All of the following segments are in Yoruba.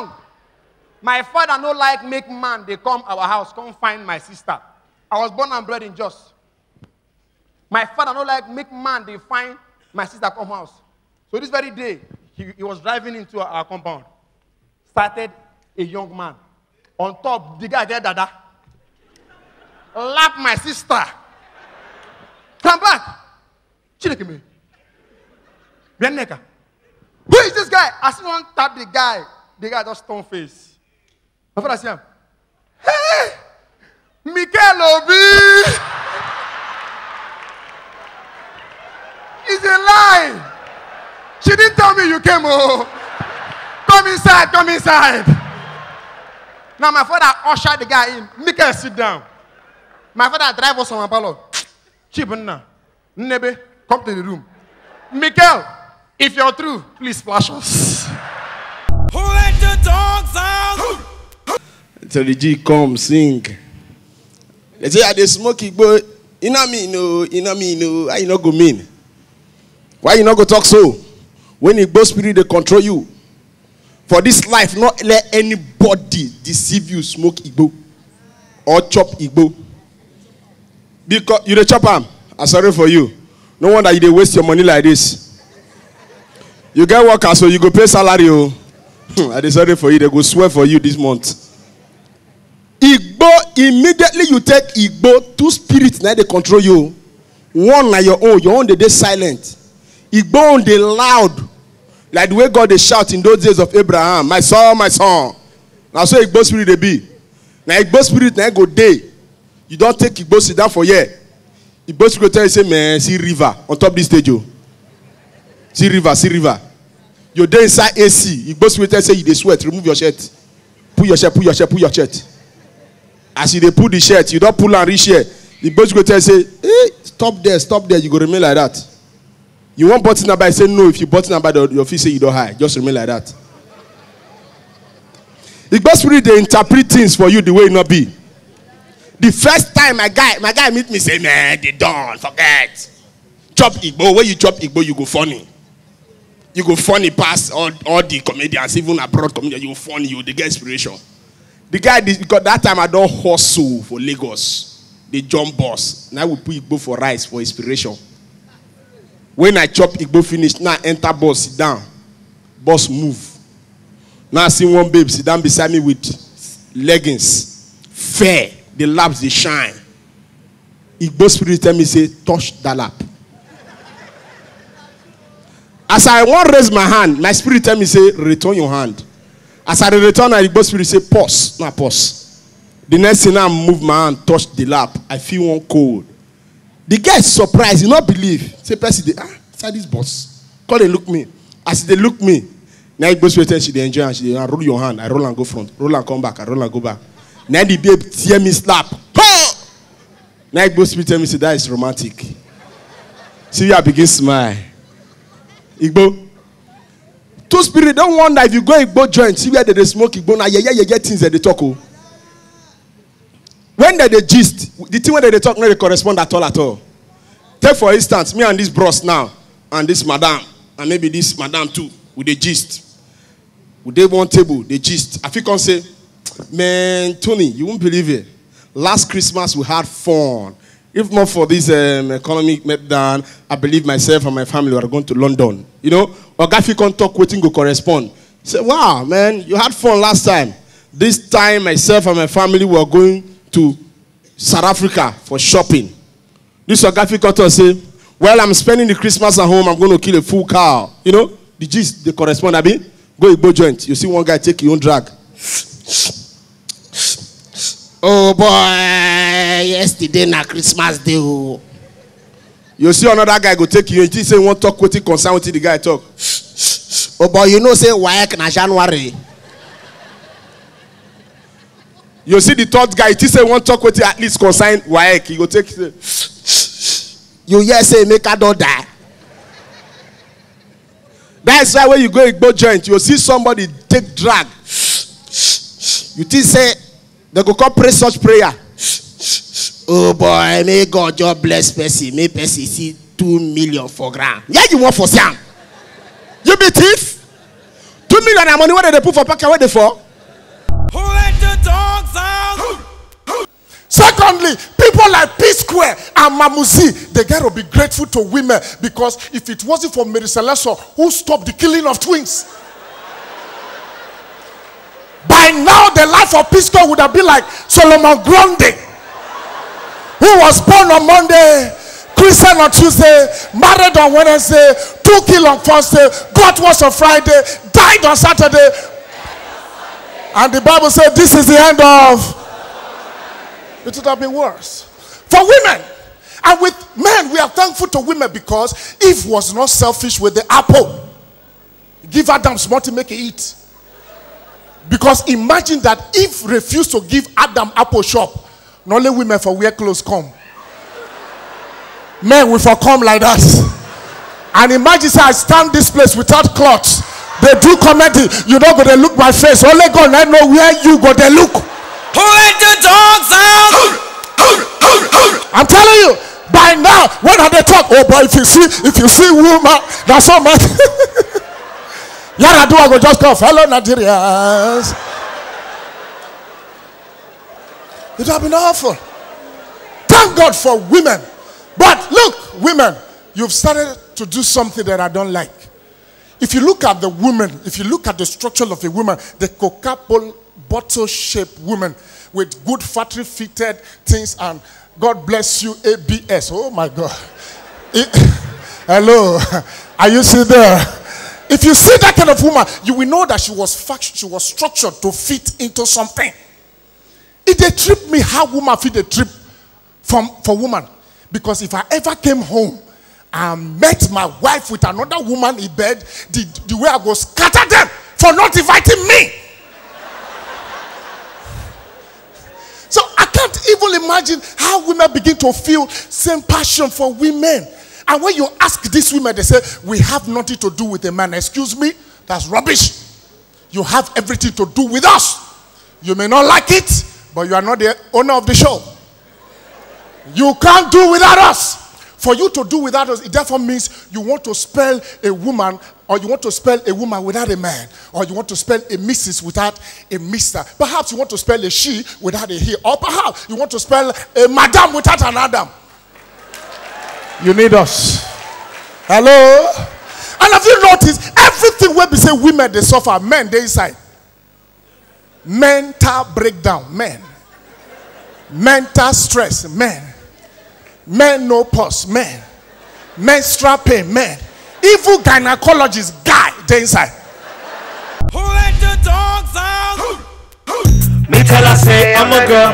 wrong. My father no like make man. They come our house, come find my sister. I was born and bred in Jos. My father no like make man. They find my sister come house. So this very day, he, he was driving into our, our compound. Started a young man. On top, the guy there, dada. Lap my sister. Come back. Chineke me. Who is this guy? I see one tap the guy. Obrigado aos que estão fez. Vou falar assim, ó. Hey, me quer It's a lie. She didn't tell me you came home. Oh. Come inside, come inside. Now my father ushered the guy in. Make sit down. My father drive us on my Apollo. Chibunna, Nebe, come to the room. Mikel, if you're true, please flash us. dogs out. Tell the G, come sing. They say, I ah, dey smoke igbo. You know me, no. You know me, no. How you not go mean? Why you not go talk so? When igbo spirit, they control you. For this life, not let anybody deceive you, smoke igbo or chop igbo. Because you dey chop arm. I sorry for you. No wonder you dey waste your money like this. You get worker, so you go pay salary. Oh. Hmm, I decided for you, they go swear for you this month. Igbo, immediately you take Igbo, two spirits now they control you. One like your own, your own they dey silent. Igbo own dey loud. Like the way God they shout in those days of Abraham, my son, my son. Now, so Igbo spirit they be. Now Igbo spirit na e go day. You don't take Igbo sit down for year. Igbo spirit go tell you say, man, see river on top this stage o. Oh. See river, see river you dey inside ac you go spirited say you dey sweat remove your shirt pull your shirt pull your shirt pull your shirt as you dey pull the shirt you don pull am reach here the go spirited say eh stop there stop there you go remain like that you wan button number i say no if you button number the your feel say you don high just remain like that the boss spirit dey interpret things for you the way e no be the first time my guy my guy meet me say man dey don forget chop igbo when you chop igbo you go funny You go funny pass all, all the comedians, even abroad comedians, you funny, you they get inspiration. The guy, because that time I don't hustle for Lagos. the jump boss. Now we put Igbo for rice for inspiration. When I chop Igbo finish, now enter boss sit down. Boss move. Now I see one babe sit down beside me with leggings. Fair. The laps, they shine. Igbo spirit tell me, say, touch that lap as i wan raise my hand my spirit tell me say return your hand as i dey return na igbo spirit say pause na pause the next thing now move my hand touch the lap i feel one cold the guest surprise he no believe say person dey ah inside this bus come dey look me as he dey look me na igbo spirit tell she dey enjoy am she dey ah roll your hand i roll am go front roll am come back i roll am go back na the babe tear me slap na igbo spirit tell me say that is romantic see i begin smile. Igbo. Two spirit don wonder if you go Igbo joint see where they dey smoke Igbo na yeye yeye things dem dey talk o. Oh. When dem dey gist the thing wey dem dey talk no dey correspond at all at all. Take for instance me and this bros now and this madam and maybe this madam too we dey gist. We dey one table dey gist. I fit come say man Tony you won't believe it. Last Christmas we had fun. If not for this um, economic meltdown, I believe myself and my family were going to London. You know, Ogafi can't talk waiting to correspond. Say, wow, man, you had fun last time. This time, myself and my family were going to South Africa for shopping. This Ogafi can't say, well, I'm spending the Christmas at home. I'm going to kill a full cow. You know, the gist, they correspond. I mean, go Igbo joint. You see one guy take your own drag. Oh boy, yesterday na Christmas day o. Oh. You see another guy go take you and he say one talk wetin concern wetin the guy talk. Oh boy, you know say WAEC na January. You see the third guy, he say one talk wetin at least concern WAEC. He go take say. You hear say Emeka don die. That's why when you go Igbo joint, you see somebody take drag. You think say They go come pray such prayer. Oh boy, may God just bless Percy. May Percy see two million for ground. Yeah, you want for Sam. You be thief. Two million and money, what they put for pocket? What they for? Who let the dogs out? Secondly, people like P Square and Mamuzi, the guy will be grateful to women because if it wasn't for Mary Celeste, who stopped the killing of twins? By now, the life of Pisco would have been like Solomon Grundy, who was born on Monday, Christian on Tuesday, married on Wednesday, took ill on Thursday, got was on Friday, died on Saturday. And the Bible said, This is the end of. It would have been worse. For women, and with men, we are thankful to women because Eve was not selfish with the apple. Give Adam small to make it eat. Because imagine that if refuse to give Adam apple shop, not only women for wear clothes come. Men will for come like that. And imagine say I stand this place without clothes. They do comedy. You don't go they look my face. Only God I know where you go they look. Who let the dogs out? I'm telling you, by now, when have they talk? Oh boy, if you see, if you see woman, that's all man. Yaradua will just call fellow Nigerians. It has been awful. Thank God for women. But look, women, you've started to do something that I don't like. If you look at the woman, if you look at the structure of a woman, the coca bottle shaped woman with good factory fitted things and God bless you, ABS. Oh my God. It, hello. Are you still there? If you see that kind of woman, you will know that she was fact, she was structured to fit into something. It they trip me how woman fit the trip from for woman. Because if I ever came home and met my wife with another woman in bed, the, the way I go scatter them for not inviting me. so I can't even imagine how women begin to feel same passion for women and when you ask these women, they say, We have nothing to do with a man. Excuse me? That's rubbish. You have everything to do with us. You may not like it, but you are not the owner of the show. You can't do without us. For you to do without us, it therefore means you want to spell a woman or you want to spell a woman without a man, or you want to spell a Mrs. without a Mister. Perhaps you want to spell a she without a he, or perhaps you want to spell a madam without an Adam. You need us. Hello? And have you noticed everything where we say women they suffer, men they inside. Mental breakdown, men. Mental stress, men. Men no pulse, men. Menstrual pain, men. Evil gynecologist guy they inside. Who let the dogs out? Me tell her say I'm a girl,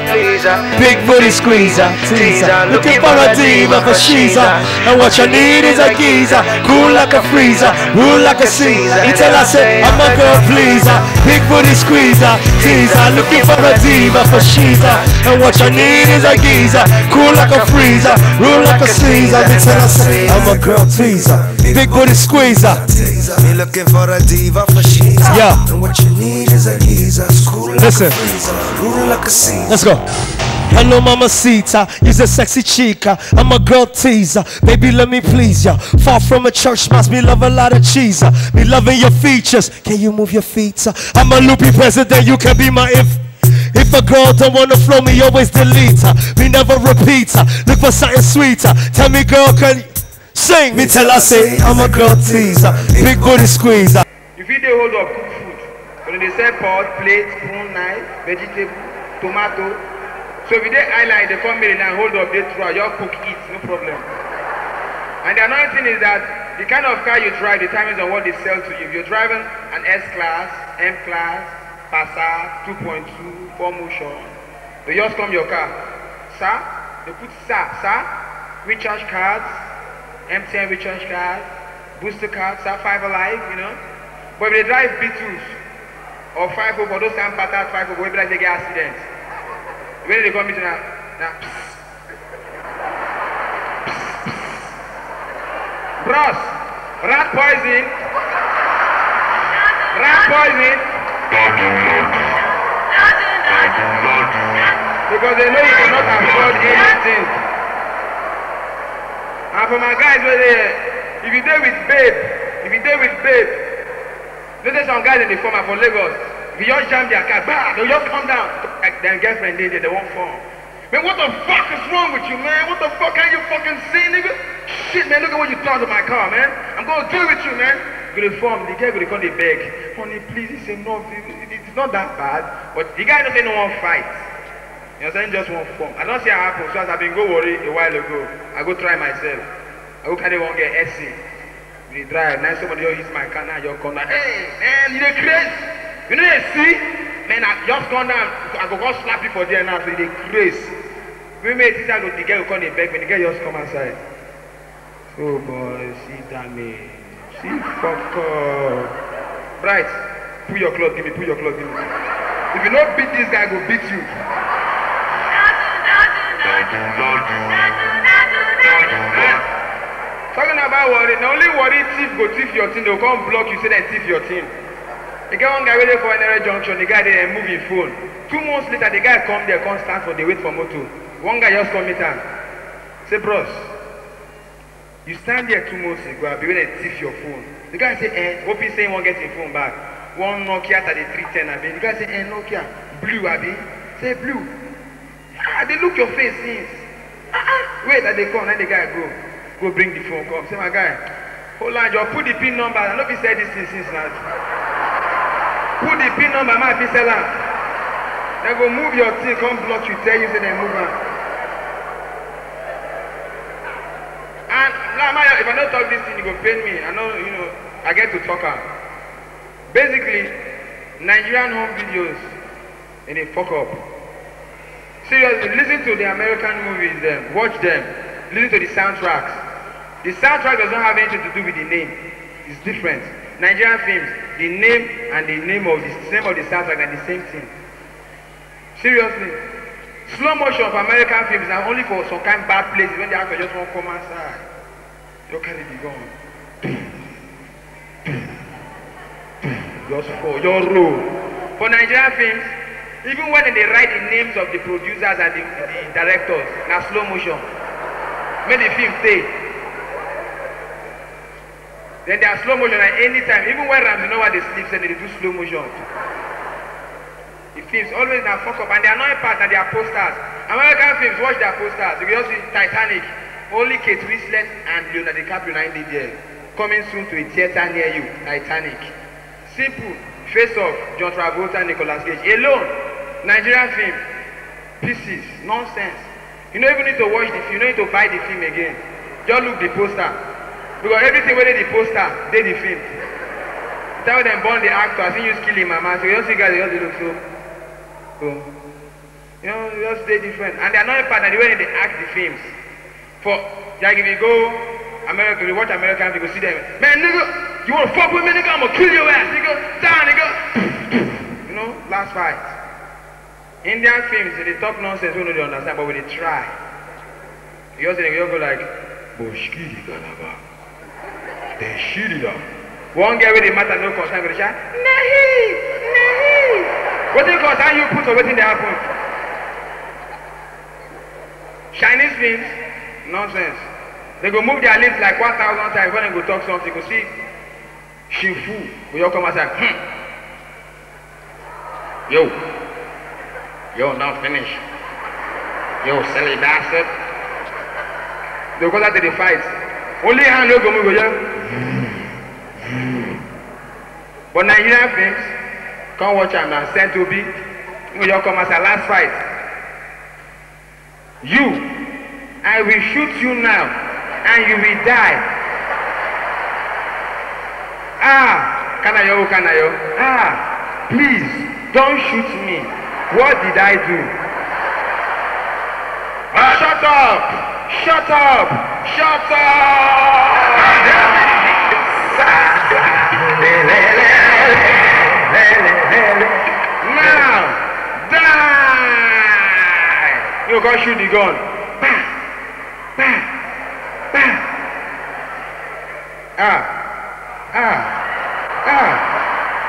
big booty squeezer, teaser. Looking for a diva for she's a, and what you need is a geezer, cool like a freezer, rule like a Caesar. Me tell her say I'm a girl pleaser, big booty squeezer, teaser. Looking for a diva for she's a, and what you need is a geezer, cool like a freezer, rule like a Caesar. Me tell her say I'm a girl teaser. Big booty squeezer. Me looking for a diva for Yeah. And what you need is a geezer. School like Listen. like a Let's go. Hello, Mama Sita. You's a sexy chica. I'm a girl teaser. Baby, let me please ya. Far from a church mouse, me love a lot of cheese. Me loving your features. Can you move your feet? I'm a loopy president. You can be my if. If a girl don't wanna flow, me always delete her. Me never repeat her. Look for something sweeter. Tell me, girl, can you? Sing. Me tell her say I'm a girl teaser, big booty squeezer. You fit hold up cook food, when they say pot, plate, spoon, knife, vegetable, tomato. So if you dey island, they come Maryland and hold up, they try your cook eat, no problem. And the annoying thing is that the kind of car you drive determines on what they sell to you. If you're driving an S class, M class, Passat, 2.2, 4 motion, they just come your car. Sir, they put sir, sir, recharge cards, m MTN recharge card, booster card, star five alive, you know. But if they drive B2s or five over, those time patterns five over, maybe like they get accidents. When they come into now, now, psst. Bros, rat poison, rat poison. Because they know you cannot afford anything. And for my guys over there, if you deal with babe, if you deal with babe, there's some guys in the former for Lagos. If you just jam their car, bah, they'll just come down. Like their girlfriend did, they won't fall. Man, what the fuck is wrong with you, man? What the fuck are you fucking seeing, nigga? Shit, man, look at what you done to my car, man. I'm gonna deal with you, man. Go to form, the guy go to come, they beg. Honey, please, it's enough. It's not that bad. But the guy doesn't want to fight. You understand just one form. I don't see how happens. So as I've been go worry a while ago, I go try myself. I go carry one get essay. We drive. Now somebody just use my car. Now your corner. Hey man, you dey craze. You know they see. Man, I just gone down. I go go slap you for there now. So you dey craze. We made this time the girl go come dey back. me. The girl just come outside. Oh boy, she damn damage. She fuck up. Bright, pull your clothes. Give me. Pull your clothes. Give me. If you no beat this guy, I go beat you talking about worry na only worry thief go thief your thing they go come block you say dem thief your thing e get one guy wey dey for nra junction the guy dey move him phone two months later the guy come there come stand for dey wait for motor one guy just come meet am say bros you stand there two months ago abi wey dem thief your phone the guy say eh hoping say he wan get him phone back one nokia thirty-three ten abi the guy say eh nokia blue abi say blue I dey look your face since. Wait, that they come, let the guy go. Go bring the phone, come. Say, my guy, hold on, You put the PIN number. I know be said this since now. Put the PIN number, my be sell am. Then go move your thing, come block you, tell you, say they move am. And now, my, if I don't talk this thing, you go pain me. I know, you know, I get to talk am. Basically, Nigerian home videos, and they fuck up. Seriously, listen to the American movies them, um, watch them, listen to the soundtracks. The soundtrack doesn't have anything to do with the name. It's different. Nigerian films, the name and the name of the name of the soundtrack are the same thing. Seriously. Slow motion of American films are only for some kind bad places when the actor just won't come outside. You carry be gone. Just for your role. For Nigerian films, even when they write the names of the producers and the, the directors na slow motion make the film stay then their slow motion at any time even when ramsey know why they sleep say they do slow motion the films always na fok up and the annoying part na their posters american films watch their posters you go just see titanic only kate winslet and leonardo dicaprio na im dey there coming soon to a theatre near you titanic simple face off john travolta nicolas cage alone Nigerian film, pieces, nonsense. You don't even need to watch the film, you don't need to buy the film again. Just look the poster. Because everything where dey the poster they the film. Tell them born the actor, I see you kill my mama, so you just see guys, you just dey look so. so. You know, you just dey different. And they are not part na the way they act the films. For like if you go America, you watch American you go see them. Man, nigga, you wanna fuck with me, nigga? I'm gonna kill your ass, nigga. Die, nigga. you know, last fight. Indian films they talk nonsense We don't understand but we dey try. You just dey go like Boshkiri Galaba, Deshirila. One girl with the matter no concern go dey shout Nahi Nahi. Wetin concern you put for wetin to happen? Chinese films nonsense. They go move their lips like 1,000 times when they go talk something. You go see Shifu We all come outside. Hmm. Yo. Yo, now finish. Yo, silly bastard. They go out the fight. Only hand you go move But Nigerian films, come watch them now. Send to be. You come as a last fight. You, I will shoot you now, and you will die. Ah, can I yo, can I yo? Ah, please, don't shoot me. What did I do? Ah, shut up! Shut up! Shut up! Now, die! You can shoot the gun. Bam! Bam! Bam! Ah! Ah! Ah!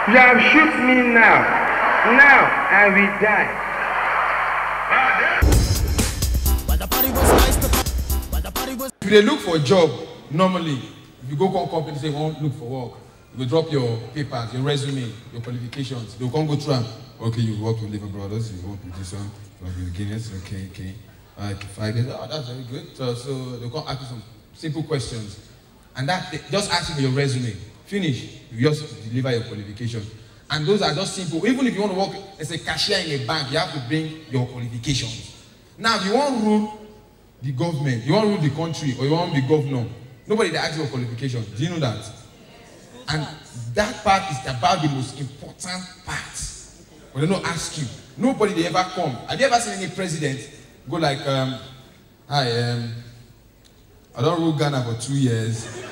You have shoot me now. now I will die. If they look for a job, normally, if you go to a company say, won't look for work, you drop your papers, your resume, your qualifications. They'll come go through them. Okay, you work with Living Brothers, you work with this one, you with Guinness, okay, okay. All five years, oh, that's very good. So, so they'll come ask you some simple questions. And that, just ask you for your resume. Finish, you just deliver your qualifications. And those are just simple. Even if you want to work as a cashier in a bank, you have to bring your qualifications. Now, if you want to rule the government, you want to rule the country, or you want to be governor, nobody that you for qualification. Do you know that? And that part is about the most important part. But they don't ask you. Nobody they ever come. Have you ever seen any president go like, um, hi, um, I don't rule Ghana for two years.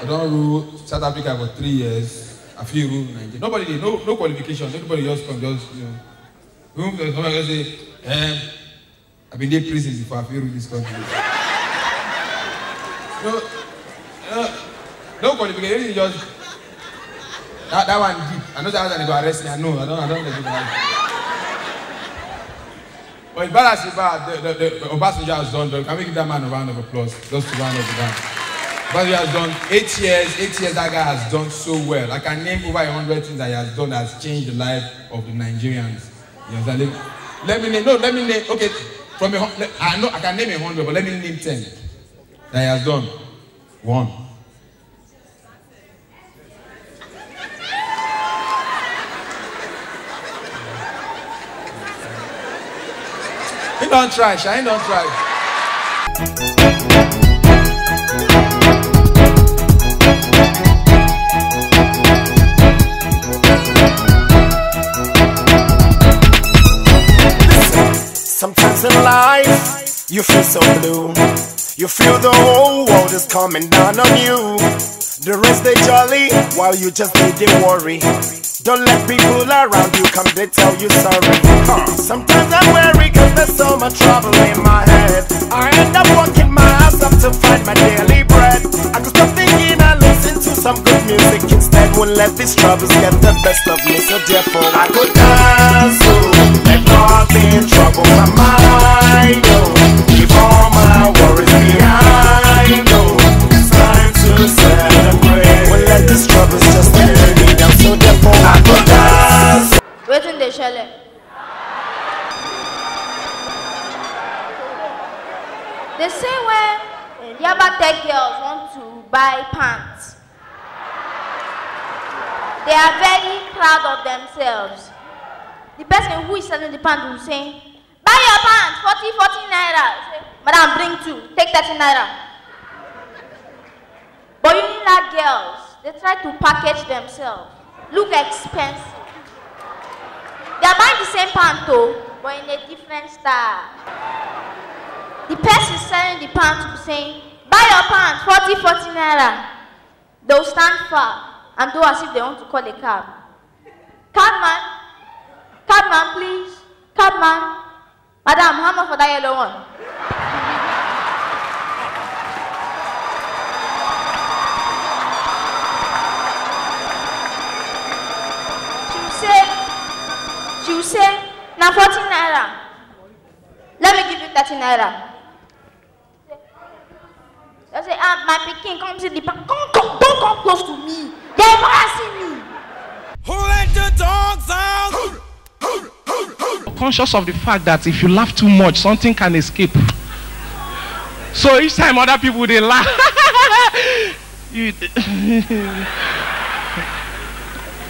I don't rule South Africa for three years. I feel room Nigeria. Nobody, no, no qualification. Nobody just come, just you know. somebody just say, um, I've been there prison before. I feel rule this country. no, no, no qualification. Just that, that one deep. I know that one they go arrest me. I know. I don't. I don't let you go. But embarrassing, but the, the, the Obasanjo has done. Can we give that man a round of applause? Just a round of applause. But he has done eight years. Eight years that guy has done so well. I can name over a hundred things that he has done that has changed the life of the Nigerians. You understand? Know, let me name. No, let me name. Okay, from a, I know I can name a hundred, but let me name ten that he has done. One. He don't try, Shine don't try. times in life you feel so blue. You feel the whole world is coming down on you. The rest they jolly while you just need to worry. Don't let people around you come to tell you sorry. Huh. Sometimes I worry cause there's so much trouble in my head. I end up walking my ass up to find my daily bread. I could stop thinking and listen to some good music instead. Won't let these troubles get the best of me, so therefore I could dance, ooh, let nothing trouble my mind all my worries behind time to celebrate. let the struggles just I'm so I dance. the They say when girls want to buy pants, they are very proud of themselves. The person who is selling the pants will say, Buy your pants, 40, 40 naira. Say, madam, bring two, take 30 naira. But you need that girls. They try to package themselves. Look expensive. They are buying the same though, but in a different style. The person selling the pants will say, buy your pants, 40, 40 naira. They'll stand far and do as if they want to call a cab. Cabman, cabman please, cabman, Adam, how much for that yellow one? she will say, she will say, na forty naira. Let me give you thirty naira. I say, ah, my pikin, come see the bank. Come, come, don't come close to me. They embarrassing me. Who let the dogs out? conscious of the fact that if you laugh too much, something can escape. So each time other people they laugh, you,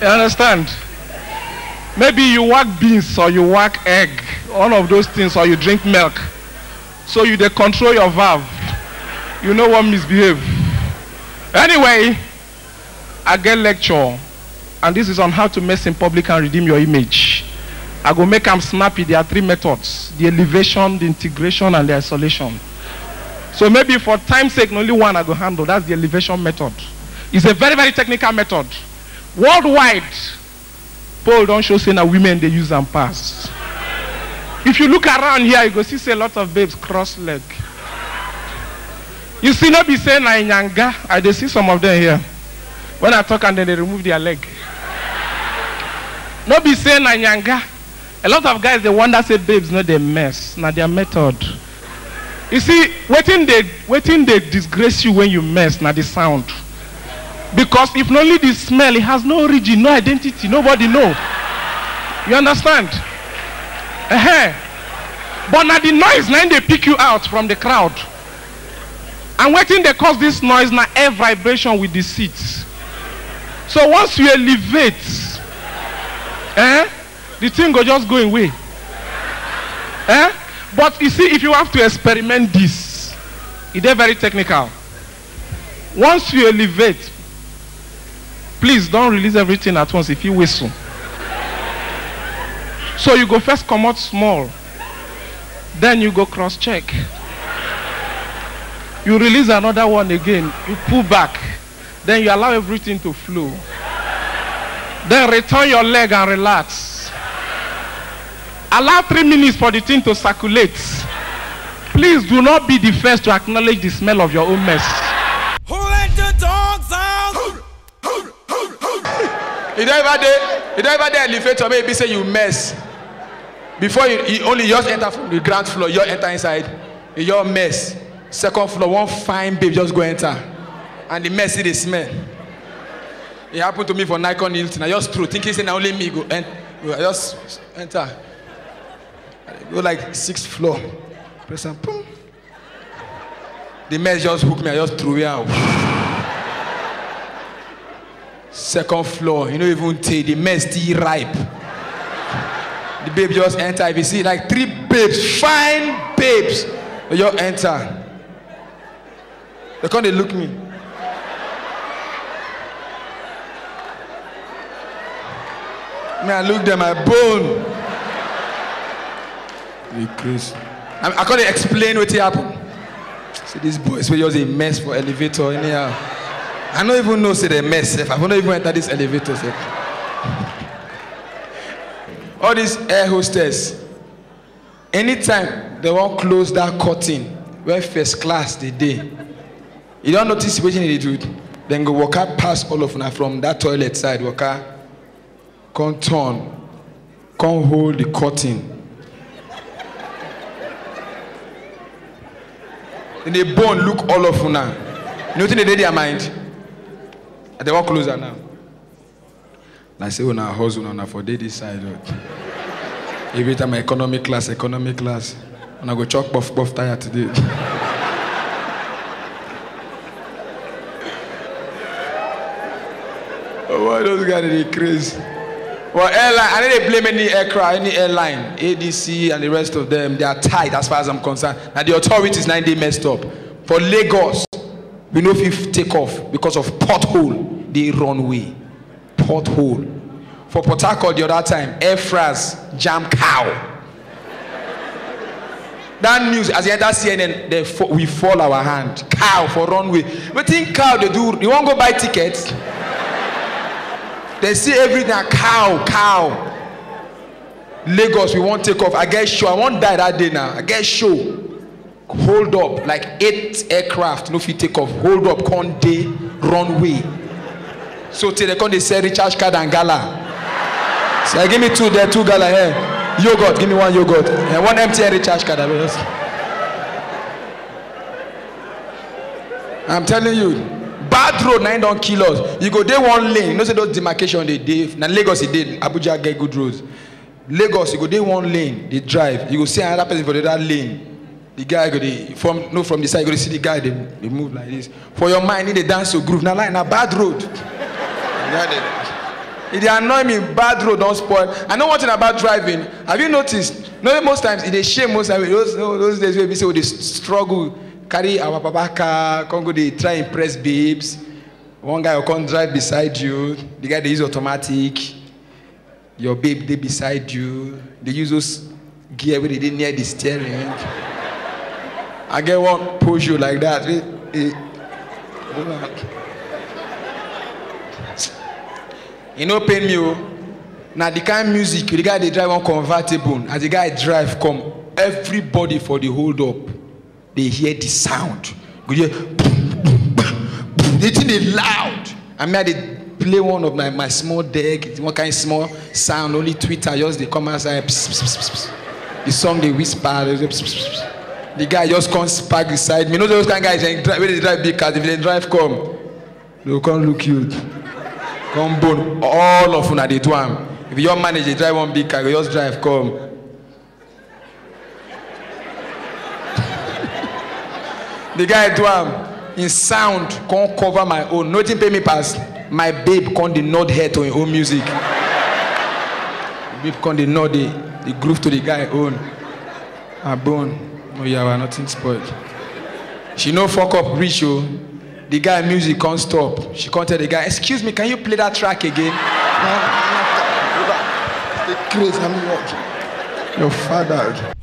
you understand? Maybe you work beans or you work egg, one of those things, or you drink milk. So you they control your valve. You know what misbehave. Anyway, I get lecture, and this is on how to mess in public and redeem your image. I go make am snappy. There are three methods the elevation, the integration, and the isolation. So maybe for time's sake, only one I go handle. That's the elevation method. It's a very, very technical method. Worldwide, poll don't show saying that women they use and pass. If you look around here, you go see say a lot of babes cross leg. You see, not be saying na nyanga. I dey see some of them here. When I talk and then they remove their leg. Not be saying na nyanga. a lot of guys they wonder say babes not dey mess na their method you see waiting, they waiting, they disgrace you when you mess na the sound because if only the smell it has no origin no identity nobody know you understand uh -huh. but na the noise now they pick you out from the crowd and waiting, they cause this noise na air vibration with the seats. so once you elevate eh the thing go just go away eh but you see if you have to experiment this it is very technical once you elevate please don't release everything at once if you whistle so you go first come out small then you go cross check you release another one again you pull back then you allow everything to flow then return your leg and relax Allow three minutes for the thing to circulate. Please do not be the first to acknowledge the smell of your own mess. Who let the dogs out? you don ever dey you don ever dey elevator may be say you mess before you, you only just enter from the ground floor you enter inside you mess second floor one fine babe just go enter and the mess still dey smell It happened to me for nikon hilton i just throw thinking say now only me go enter i just enter go like sixth floor. Press and boom. The man just hooked me. I just threw it out. Second floor, you know, even take the mess still ripe. The babe just enter. If you see like three babes, fine babes, they just enter. They come, they look me. Man, I look at my bone crazy. I, I can't explain what happened. See, these boys were just a mess for elevator anyhow. I don't even know See the mess. If I don't even enter this elevator, sir. All these air hostess, anytime they won't close that curtain where first class the day, you don't notice what they do. Then go walk up past all of them from that toilet side, walk come turn, come hold the curtain. dem dey born look all of una you know wetin dey their mind i dey wan closer now na say una oh, hustle una for daddy side o oh. every time my economy class economy class una go chalk buff, buff tire today. oh those guys dey craze. Well, airline, I didn't blame any aircraft, any airline, ADC and the rest of them. They are tight as far as I'm concerned. Now, the authorities, now they messed up. For Lagos, we know if you take off because of pothole, the runway. Pothole. For Port Harcourt the other time, Air France jam cow. that news, as you enter CNN, they fo we fall our hand. Cow for runway. But think cow they do, you won't go buy tickets they see everything na cow cow lagos we wan take off i get show i wan die that day now. i get show hold up like eight aircraft no fit take off hold up come dey runway so till they come dey sell recharge card and gala so give me two there two gala here yogurt give me one yogurt and one empty recharge card abeg i'm telling you bad road na im don kill us you go dey one lane you know say those demarcation dey dey na lagos e dey abuja get good roads lagos you go dey one lane dey drive you go see another person for the other lane the guy go dey from no from the side you go dey see the guy dey dey move like this for your mind he dey dance to groove na line na bad road e dey annoy me bad road don spoil i know one thing about driving have you noticed you know most times e dey shame most times those those days wey be say we dey struggle carry our papa car come go dey try impress babes one guy go come drive beside you the guy dey use automatic your babe dey beside you dey use those gear wey dey dey near the steering i get one push you like that wey e go back e no pain me o oh. na the kind music the guy dey drive one convertible as the guy drive come everybody for the hold up they hear the sound you hear boom the thing dey loud i mean i dey play one of my my small deck one kind small sound only twitter just dey come outside pss, pss, pss, pss. the song dey whisper dey pss, pss, pss. the guy just come park beside me you know those kind of guys wey dey drive big cars if dem drive come they go come look you come bone all of una dey do am if you just manage dey drive one big car you go just drive come the guy do am him sound come cover my own nothing pay me pass my babe come dey nod head to him own music babe come dey nod the the groove to the guy own her bone no yawa nothing spoil she no fok up reach o oh. the guy music come stop she come tell the guy excuse me can you play that track again the craze i'm working your father.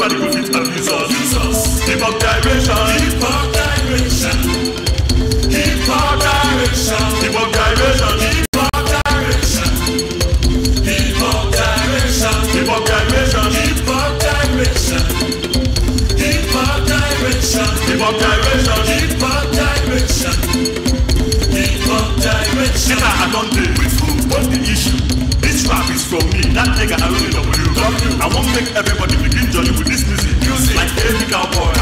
Nobody go fit abuse us. Abuse us. Hip hop direction. Hip hop direction. Hip hop direction. Hip hop direction. Hip hop direction. Hip hop direction. Hip hop direction. Hip hop direction. Hip hop direction. Hip hop direction. Hip hop direction. Hip hop direction. Get out of the with who? What's the issue? This rap is from me. That nigga I really love you. Love you. I won't make everybody. go for it.